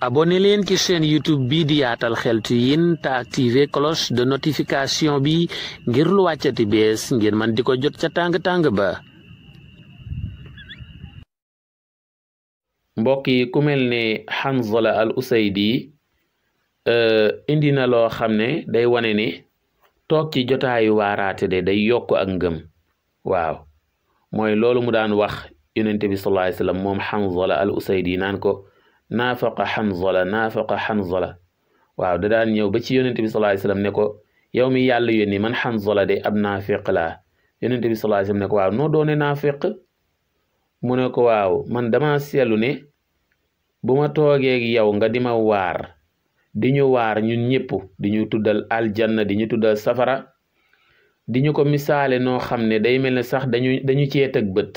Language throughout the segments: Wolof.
abonné leen ci chaîne youtube bi di yaatal xeltu yin te activé cloche de notification bi ngir lu wàccati bees ngir man di ko jot ca tàng-tàng ba mbokk yi ku mel ne Hanzala al Usaydi eh, indi na loo xam ne day wane ne toog ci jotaayu waaraate de day yokk ak ngëm waaw mooy loolu mu daan wax yonente bi sallallahu alayhi wasallam moom Hanzala al Usaydi naan ko naafaqa Hanzala naafaqa Hanzala waaw da daan ñëw ba ci yonent bi sallallahu alayhi ne ko yow mi yàlla yónni man Hanzala de ab naafiq laa yonent bi sallallahu ne ko waaw noo doone naafiq mu ne ko waaw man dama seetlu ne bu ma toogee yow nga di ma waar di ñu waar ñu ñëpp di ñu tuddal aljanna di ñu tuddal safara di ñu ko misaale noo xam ne day mel ne sax dañu dañu cee tëg bët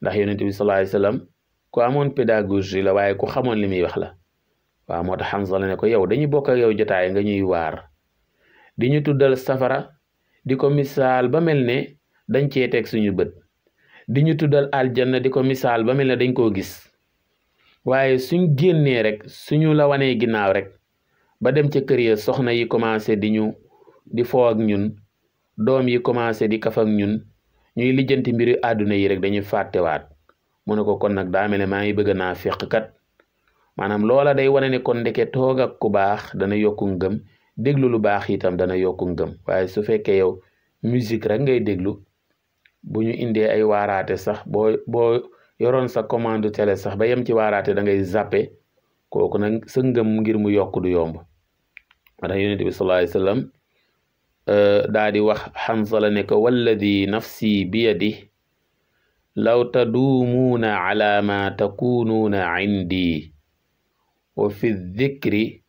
ndax yonent bi sallallahu ku amoon pédagogie la waaye ku xamoon li muy wax la waaw moo tax Hamza la ne ko yow dañuy bokk yaw yow nga ñuy waar di ñu tuddal safara di ko misaal ba mel ne dañ cee teg suñu bët di ñu tuddal aljanna di ko misaal ba mel ne dañ koo gis waaye suñ génnee rek suñu la wanee ginnaaw rek ba dem ca kër ya soxna yi commencé di ñu di foo ak ñun doom yi commencé di kaf ñun ñuy lijjanti mbiru àdduna yi rek dañuy fàttewaat mu ne ko kon nag daa mel ne maa ngi bëgg naa feq kat maanaam loola day wane ne kon ndeke toog ak ku baax dana yokku ngëm déglu lu baax itam dana yokku ngëm waaye su fekkee yow musique rek ngay déglu bu ñu indee ay waaraate sax boo boo yoroon sa commande télé sax ba yem ci waaraate dangay ngay zappe kooku nag sa ngëm ngir mu yokk du yomb watax yonent bi sallallahu alayhi wasallam euh, daa di wax Hanzala ne ko walladi nafsi biyadi law taduumuuna calaa maa takuunuuna cindi wa fi dikri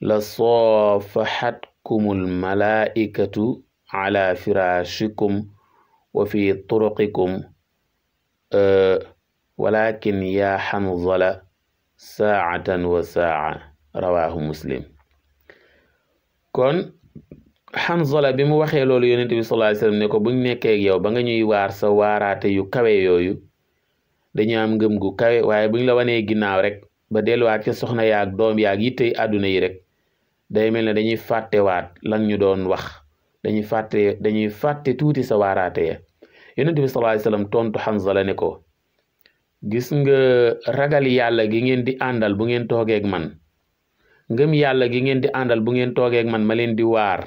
la soofaxatkum almalaa'ikatu calaa firaashikum wa fi turuqikum walaakin yaa xanzala saacatan wa saaca rawaahu muslim kon Hanzala bi mu waxee loolu yonent bi sallallahu alayhi wasallam ne ko buñ nekkee yow ba nga ñuy waar sa waaraate yu kawe yooyu dañu am ngëm gu kawe waaye buñ la wanee ginnaaw rek ba delluwaat ca soxna yaag doom yaag yittey àdduna yi rek day mel ne dañuy fàttewaat lan ñu doon wax dañuy fàtte dañuy fàtte tuuti sa waaraate ya yonent bi sallallahu alayhi wasallam tontu Hanzala ne ko gis nga ragal yàlla gi ngeen di àndal bu ngeen toogeeg man ngëm yàlla gi ngeen di àndal bu ngeen toogeeg man ma leen di waar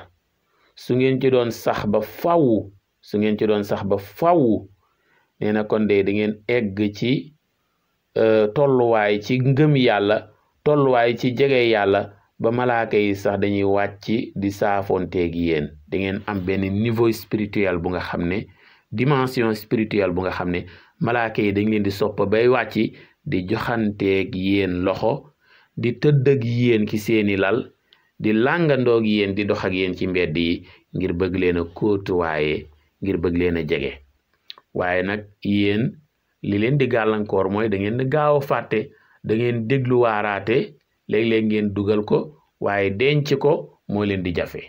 su ngeen ci doon sax ba faww su ngeen ci doon sax ba faww nee na kon de da ngeen egg ci e, tolluwaay ci ngëm yàlla tolluwaay ci jege yàlla ba malaaka yi sax dañuy ci di saafonteeg yéen da ngeen am benn niveau spirituel bu nga xam ne dimension spirituelle bu nga xam ne malaaka yi dañ leen di sopp bay wàcc di joxanteeg yéen loxo di tëddëg ak ki ci seeni lal di làngandoog yéen di dox ak yéen ci mbedd yi ngir bëgg leen a kóotuwaaye ngir bëgg leen jege waaye nag yéen li leen di gàllankoor mooy da ngeen gaaw a fàtte dangeen ngeen déglu waaraate léeg ngeen dugal ko waaye denc ko moo leen di jafe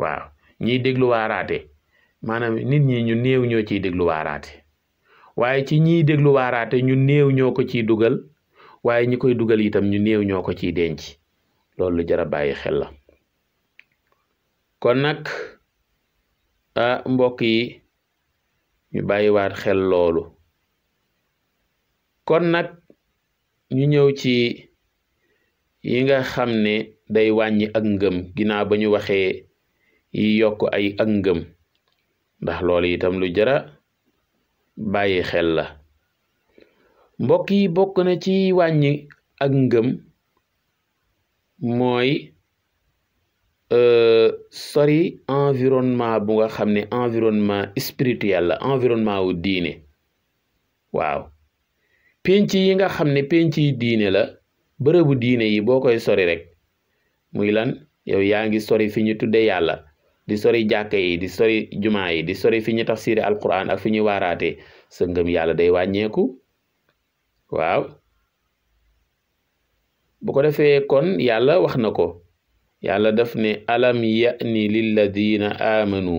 waaw ñiy déglu waaraate maanaam nit ñi ñu néew ñoo ciy déglu waaye ci ñiy déglu ñu néew ñoo ko ciy dugal waaye ñi koy dugal itam ñu néew ñoo ko ciy denc loolu lu jar a bàyyi xel la kon nag ah mbokk yi ñu bàyyiwaat xel loolu kon nag ñu ñëw ci yi nga xam ne day wàññi ak ngëm ginaa ba ñu waxee yi yokk ay ak ngëm ndax loolu itam lu jara bàyyi xel la mbokk yi bokk na ci wàññi ak ngëm mooy euh, sori environnement bu nga xam ne environnement spirituel la environnement wu diine waaw penc yi nga xam ne penc yi diine la bërëbu diine yi boo koy sori rek muy lan yow yaa ngi sori fi ñu tudde yàlla di sori jàkka yi di sori jumaa yi di sori fi ñu tafsiri alquran ak fi ñuy waaraate sa yàlla day wàññeeku waaw bu ko defee kon yàlla wax na ko yàlla daf ne alam ya'ni lilladina aamanu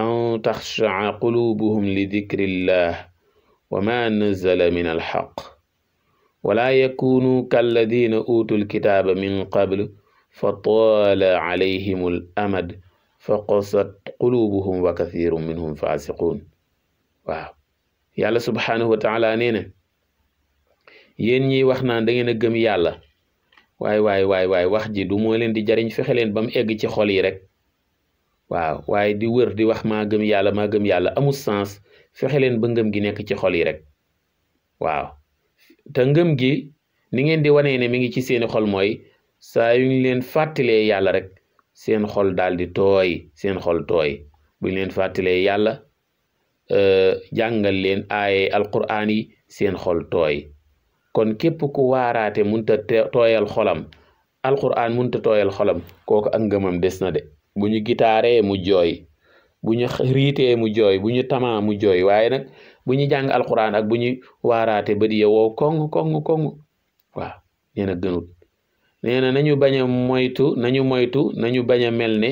an taxshaa qulubuhum li dikrillah wa ma nazala min alxaq wala yakunu kalladina utul kitaaba min qabl fa taala alayhim al amad fa qasat qulubuhum wa kathiru minhum fasiqun waaw yàlla subhaanahu wa taala nee na yéen ñiy wax naan da ngeen a gëm yàlla waaye waaye waay waay wax ji du moo leen di jariñ fexe leen ba mu egg ci xol yi rek waaw waaye di wër di wax maa gëm yàlla maa gëm yàlla amul sens fexe leen ba gi nekk ci xol yi rek waaw te ngëm gi ni ngeen di wanee ne mi ngi ci seeni xol mooy saa yu ñu leen fàttalee yàlla rek seen xol daal di tooy seen xol tooy bu leen fàttalee yàlla euh, jàngal leen aaye alquraan yi seen xol tooy kon képp ku waaraate munta tooyal xolam alquran munta tooyal xolam kooku ak ngëmam des na de bu ñu gitaaree mu jooy bu ñu riitee mu jooy bu ñu tamaa mu jooy waaye nag bu ñu jàng alquran ak bu ñu waaraate ba di yowoo koŋ koŋ koŋ waaw nee na gënut nee na nañu bañ a moytu nañu moytu nañu bañ a mel ne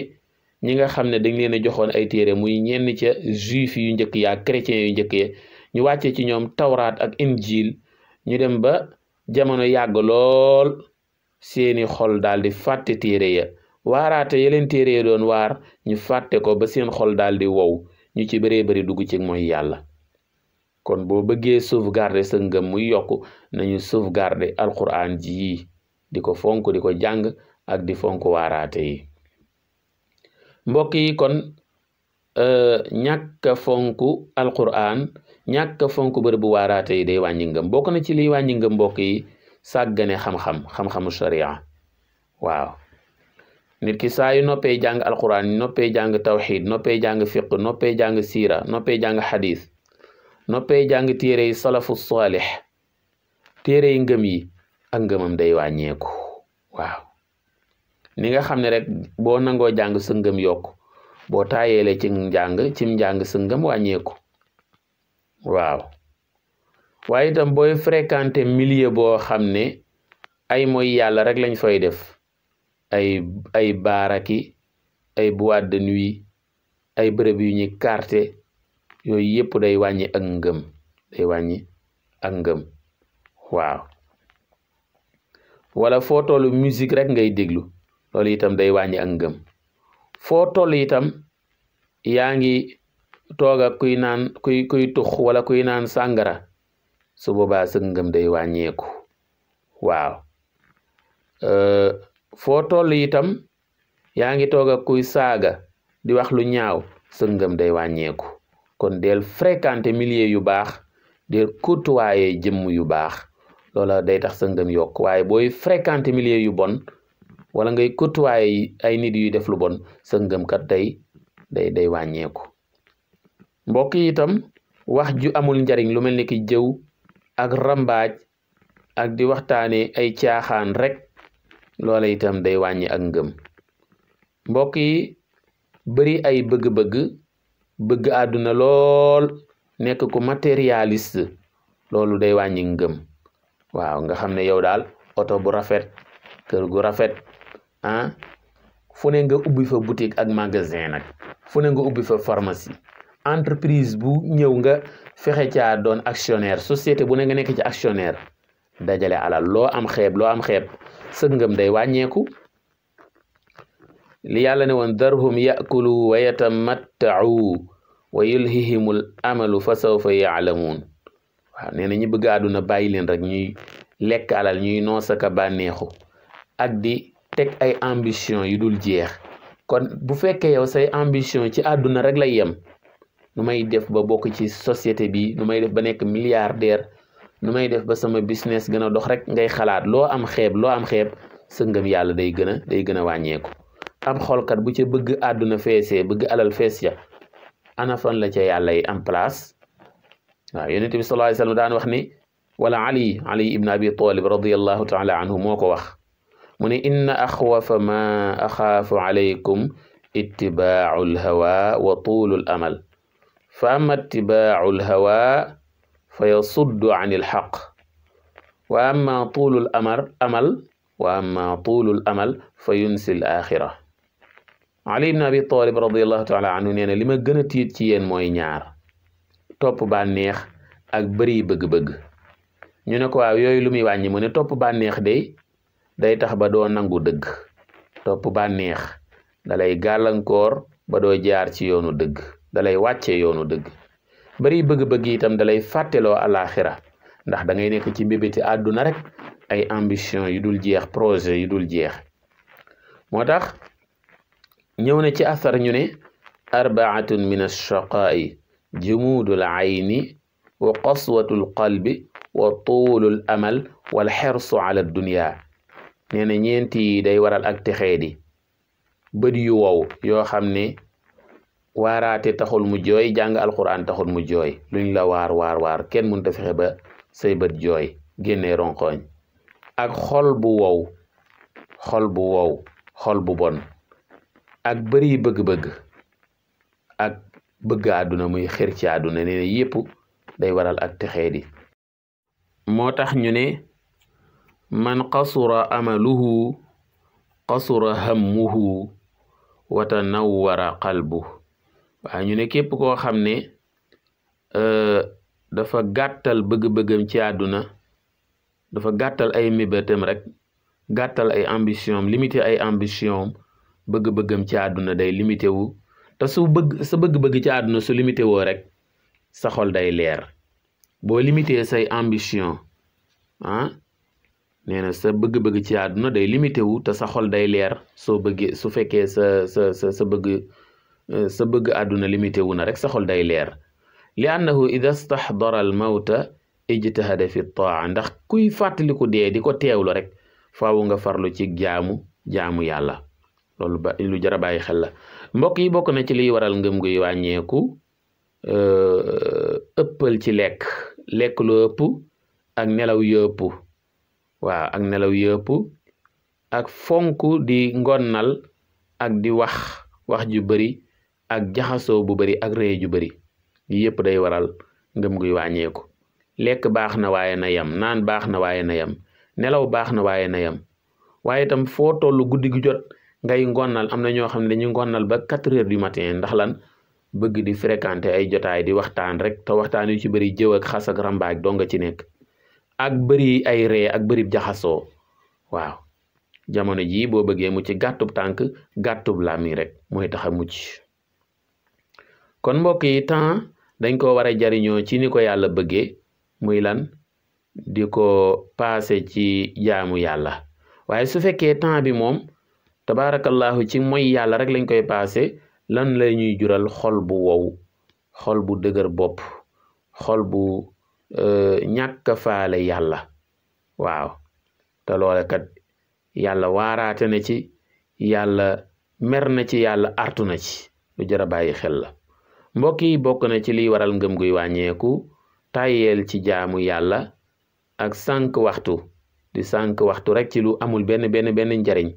ñi nga xam ne dañ leen a joxoon ay téere muy ñenn ca juif yu njëkk ya ak chrétien yu njëkk ñu wàccee ci ñoom tawraat ak injil ñu dem ba jamono yàgg lool seeni xol daal di fàtte téere ya waaraate yeleen téere ya doon waar ñu fàtte ko ba seen xol daal di wow ñu ci bëree bëri dugg ci mooy yàlla kon boo bëggee sauvegarder sa ngëm mu yokk nañu sauvegarder alquran ji yi di ko fonk di ko jàng ak di fonk waaraate yi mbokk yi kon euh, ñàkk a fonk alquran ñàkk fonk bërëb bu waaraate yi day wàññi ngëm bokk na ci liy wàññi ngëm mbokk yi sàggane xam-xam xam sharia waaw nit ki saa yu noppee jàng alquran noppee jàng tawxid noppee jàng fiq noppee jàng siira noppee jàng xadis noppee jàng téere yi salafu saalix téere yi ngëm yi ak ngëmam day wàññeeku waaw ni nga xam ne rek boo nangoo jàng sa ngëm yokk boo taayeele ci njàng cim njàng sa ngëm wàññeeku waaw waaye itam booy fréquenter milieu boo xam ne ay mooy yàlla rek lañ foy def ay ay baaraki ay boîte de nuit ay bërëb yu ñuy carte yooyu yëpp day wàññi ak ngëm day wàññi ak ngëm waaw wala foo tollu musique rek ngay déglu loolu itam day wàññi ak ngëm foo toll itam yaa toog ak kuy naan kuy kuy tux wala kuy naan sangara su boobaa sa ngëm day wàññeeku waaw euh, foo toll itam yaa ngi toog ak kuy saaga di wax lu ñaaw sa ngëm day wàññeeku kon del fréquenter milieu yu baax del côtoyer jëmm yu baax loola day tax sa ngëm yokk waaye booy fréquenter milieu yu bon wala ngay côtoyer ay nit yu def lu bon sa ngëm kat day day day wàññeeku mbokk yi itam wax ju amul njariñ lu mel ni ki jëw ak rambaaj ak di waxtaane ay caaxaan rek loola itam day wàññi ak ngëm mbokk yi bari ay bëgg-bëgg bëgg àdduna lool nekk ku matérialiste loolu day wàññi ngëm waaw nga xam ne yow daal oto bu rafet kër gu rafet ah fu ne nga ubbi fa butik ak magasin nag fu ne nga ubbi fa pharmacie entreprise bu ñëw nga fexe ca doon actionnaire société bu ne nga nekk ci actionnaire dajale alal loo am xeeb loo am xeeb sa ngam day wàññeeku li yàlla ne woon darhum yakulu wa yatamattau wa yulhihimul amalu fa sawfa yaalamuun waaw nee na ñi bëgg àdduna bàyyi leen rek ñuy lekk alal ñuy noosaka bànneexu ak di teg ay ambition yu dul jeex kon bu fekkee yow say ambition ci àdduna rek lay yem nu may def ba bokk ci société bi nu may def ba nekk milliardaire nu may def ba sama business gën a dox rek ngay xalaat loo am xeeb loo am xeeb sa yàlla day gën a day gën a wàññeeku am xolkat bu ci bëgg àdduna feesee bëgg alal fees ca ana fan la ca yàlla yi am place waaw yonent bi sallallahu alayhi wax ni wala ali ali ibn abi talib radiallahu taala anhu moo ko wax mu ne inna axwafa ma axaafu alaykum ittibaau alhawa wa tuulu al amal fa ama itibaacu alhawa fa yasuddu an ilxaq wa ama tuulu amar amal wa ama tuulu amal fa yunsi alaaxira ali ibn abi talib radiallahu taala anhu nee na li ma gën a tiit ci yéen mooy ñaar topp bànneex ak bëri bëgg-bëgg ñu ne ko waaw yooyu lu muy wàññi mu ne topp bànneex day day tax ba doo nangu dëgg topp bànneex da lay gàllankoor ba doo jaar ci yoonu dëgg dalay wàccee yoonu dëgg bari bëgg-bëgg itam dalay fàtteloo àllaaxira ndax dangay ngay nekk ci mbébéti àdduna rek ay ambition yu dul jeex projet yu dul jeex moo tax ñëw na ci asar ñu ne arbaatun min alchaqaa'i jumuudul ayni wa qaswatul qalbi wa tuulul amal wal xersu ala dunia nee na ñeenti day waral ak texee di bët yu wow yoo xam ne waaraate taxul mu jooy jàng alxuraan taxul mu jooy luñ la waar waar waar kenn mun a fexe ba say bët jooy génnee ronqooñ ak xol bu wow xol bu wow xol bu bon ak bëri bëgg-bëgg ak bëgg àdduna muy xër ci àdduna nee yépp day waral ak texee di moo tax ñu ne man qasura amaluhu qasura hammuhu wa tanawwara qalbuhu waaye ñu ne képp koo xam ne euh, dafa gàttal bëgg-bëggam ci àdduna dafa gàttal ay mébétam rek gàttal ay ambition am ay ambition bëgg-bëggam ci àdduna day limité wu te su bëgg sa bëgg ci àdduna su limité woo rek sa xol day leer boo limité say ambition ah nee na sa bëgg-bëgg ci àdduna day limité wu te sa xol day leer soo bëggee su fekkee sa sa sa sa bëgg Euh, sa bëgg àdduna limité wu na rek sa day leer li annahu ida staxdara al mawta ijtahada fi taa ndax kuy fàttaliku dee di ko teewlu rek faawu nga farlu ci jaamu jaamu yàlla lu jar a bàyyi xel la mbokk yi bokk na ci liy waral ngëm guy wàññeeku euh, ëppal ci lekk lekk lu ëpp ak nelaw yëpp waaw ak nelaw yëpp ak fonk di ngonnal ak di wax wax ju bari ak jaxasoo bu bari ak rëy ju bari yi yëpp day waral ngëm guy wàññeeku lekk baax na waaye na yem naan baax na waaye na yem nelaw baax na waaye na yem waaye tam foo toll guddi gu jot ngay ngonnal am na ñoo xam ne dañuy ngonnal ba quatre heures du matin ndax lan bëgg di fréquenter ay jotaay di waxtaan rek te waxtaan yu ci bëri jëw ak xas ak rambaaj doo ci nekk ak bëri ay ree ak bëri jaxasoo waaw jamono jii boo bëggee mucc gàttub tànk gàttub làmmiñ rek mooy kon mbokk yi temps dañ ko war a jariñoo ci ni ko yàlla bëggee muy lan di ko paase ci jaamu yàlla waaye su fekkee temps bi moom tabaarakallahu ci mooy yàlla rek lañ koy paase lan la ñuy jural xool bu wow xool bu dëgër bopp xool bu euh, ñàkk uh, faale yàlla waaw te loole kat yàlla waaraate na ci yàlla mer na ci yàlla artu na ci lu jar a bàyyi xel la mbokk yi bokk na ci liy waral ngëm guy wàññeeku tàyyeel ci jaamu yàlla ak sànq waxtu di sànq waxtu rek ci lu amul benn benn benn njariñ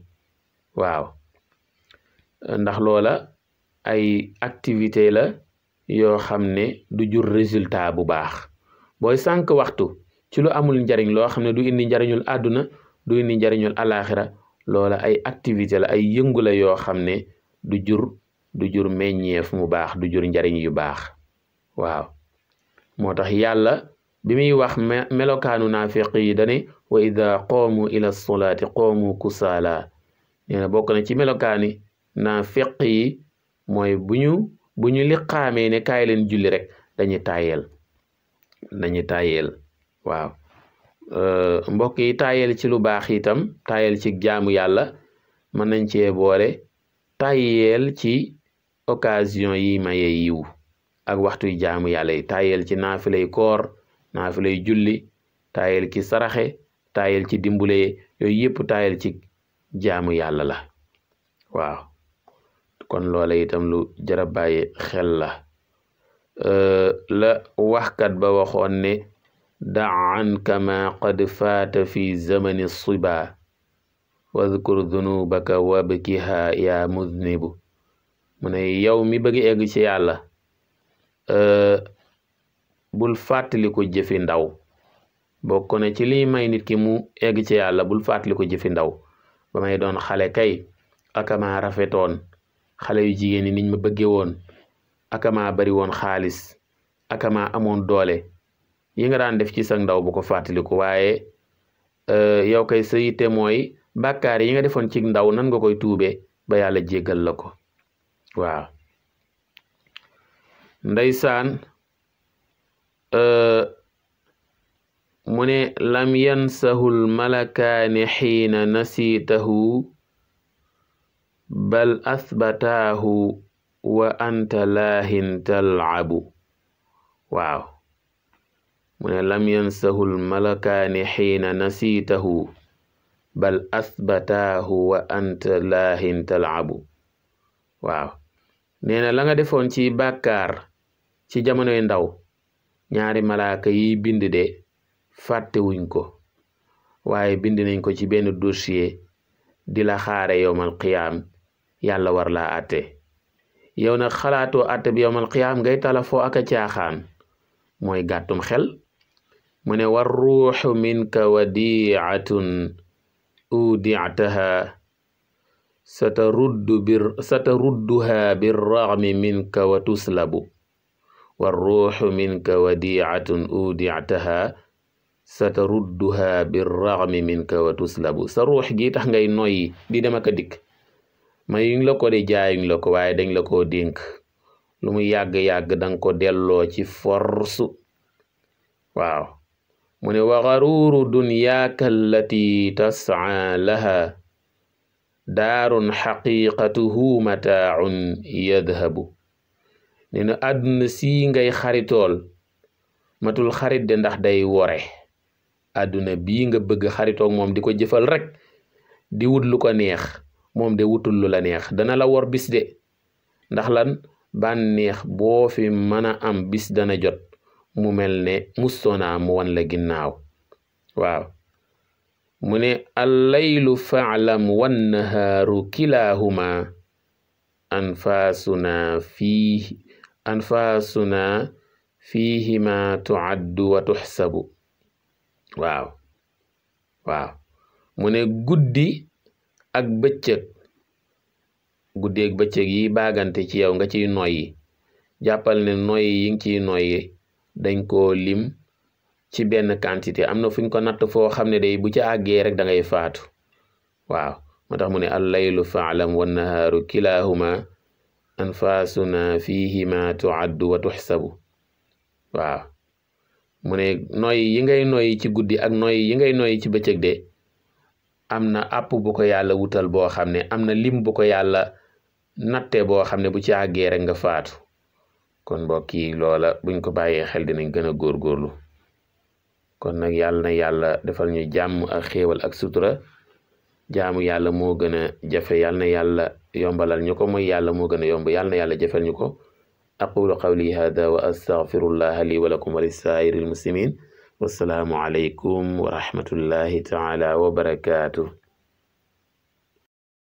waaw ndax loola ay activité la yoo xam ne du jur résultat bu baax booy sànq waxtu ci lu amul njariñ loo xam ne du indi njariñul àdduna du indi njariñul alaxira loola ay activité la ay yëngu la yoo xam ne du jur du jur meññeef mu baax du jur njariñ yu baax waaw moo tax yàlla bi muy wax melokaanu naafiq yi dane wa ida qoomu ila solaati qoomu kusaala nee na bokk na ci melokaani naafiq yi mooy bu ñu bu ñu ne kaay leen julli rek dañuy tayel dañuy tayel waaw mbokk yi tayel ci lu baax itam tayel ci jaamu yàlla mën nañ cee boole ci occasion yi maye yiw ak waxtuy jaamu yàlla yi tayel ci naafilay koor naafilay julli tayel ci saraxe tayel ci dimbule yooyu yëpp tayel ci jaamu yàlla la waaw kon loola itam lu jara bàyyi xel la euh, la waxkat ba waxoon ne daan kama qad faata fi zamani siba wadkur dunubaka wabkiha ya mudnibu mu ne yow mi bëgg egu ci yàlla eh, bul fàttali ko jëfi ndaw bokk na ci liy may nit ki mu egg ci yàlla bul fàttali ko jëfi ndaw ba may doon xale kay akama rafetoon xale yu jigéen yi niñ ma bëggee woon akamaa bari woon xaalis akamaa amoon doole yi nga daan def ci sa ndaw bu ko fàttaliku waaye eh, yow kay sa yitte mooy bàkkaar yi nga defoon ci ndaw nan nga koy tuube ba yàlla jéggal la ko waaw ndeysaan euh, mu ne lam yansahu lmalakaani xiina nasiitahu bal asbataahu wa anta waaw mu ne lam yansahu lmalakaani xiina nasiitahu bal asbataahu wa laahin talcabu waaw nee na la nga defoon ci bàkkaar ci jamonoy ndaw ñaari malaaka yi bind de fàttewuñ ko waaye bind nañ ko ci benn dossier di la xaare yowmal qiyaam yàlla war laa àtte yow nag xalaatoo àtte bi yowmal ngay talafoo ak a caaxaan mooy gàttum xel mu ne war ruuxu minka wadiatun udiataha sataruddu bir satarudduhaa birragmi minka wa tuslabu warruuxu minka wadiicatun uudictahaa satarudduhaa birragmi minka wa tuslabu sa ruux gi tax ngay noyyi di dem ak a dikk mayuñ la ko di jaayuñ la ko waaye dañ la koo dénk lu mu yàgg-yàgg danga ko delloo ci force waaw mu ne wa garuuru dunyaaka allati tascaa laha daarun xaqiqatuhu mataaun yadhabu nee na àdduna si ngay xaritool matul xarit de ndax day wore àdduna bi nga bëgga xaritoog moom di ko jëfal rek di wut lu ko neex moom de wutul lu la neex dana la wor bis de ndax lan bànneex boo fi mën a am bis dana jot mu mel ne mustoonaa mu wan la ginnaaw waaw mu ne allaylu faclam wannahaaru kilaahumaa anfaasunaa fiihi anfaasunaa fiihimaa tucaddu wa tuxsabu waaw waaw mu ne guddi ak bëccëg guddi ak bëccëg yi baagante ci yow nga ci noyyi jàppal ne noyyi yi nga ci noyyi dañ ko lim ci benn quantité am na fu ñu ko natt foo xam ne day bu ci àggee rek dangay ngay faatu waaw moo tax mu ne allaylu faalam wa nahaaru kilahuma anfaasuna fihima tuaddu wa tuxsabu waaw mu ne noy yi ngay noy ci guddi ak noy yi ngay noy ci bëccëg de am na àpp bu ko yàlla wutal boo xam ne am na lim bu ko yàlla natte boo xam ne bu ci àggee rek nga faatu kon mbokk yi loola buñ ko bàyyee xel dinañ gën a góorgóorlu kon nag yàlla na yàlla defal ñu jàmm ak xéewal ak sutura jaamu yàlla moo gën a jafe yàlla na yàlla yombalal ñu ko mooy yàlla moo gën a yomb yàlla na yàlla jafel ñu ko aqulu qawli hada wa astaghfirullaha li wa lakum wa lisaa'iril muslimin wassalaamu alaykum wa rahmatullahi taala wa barakaatu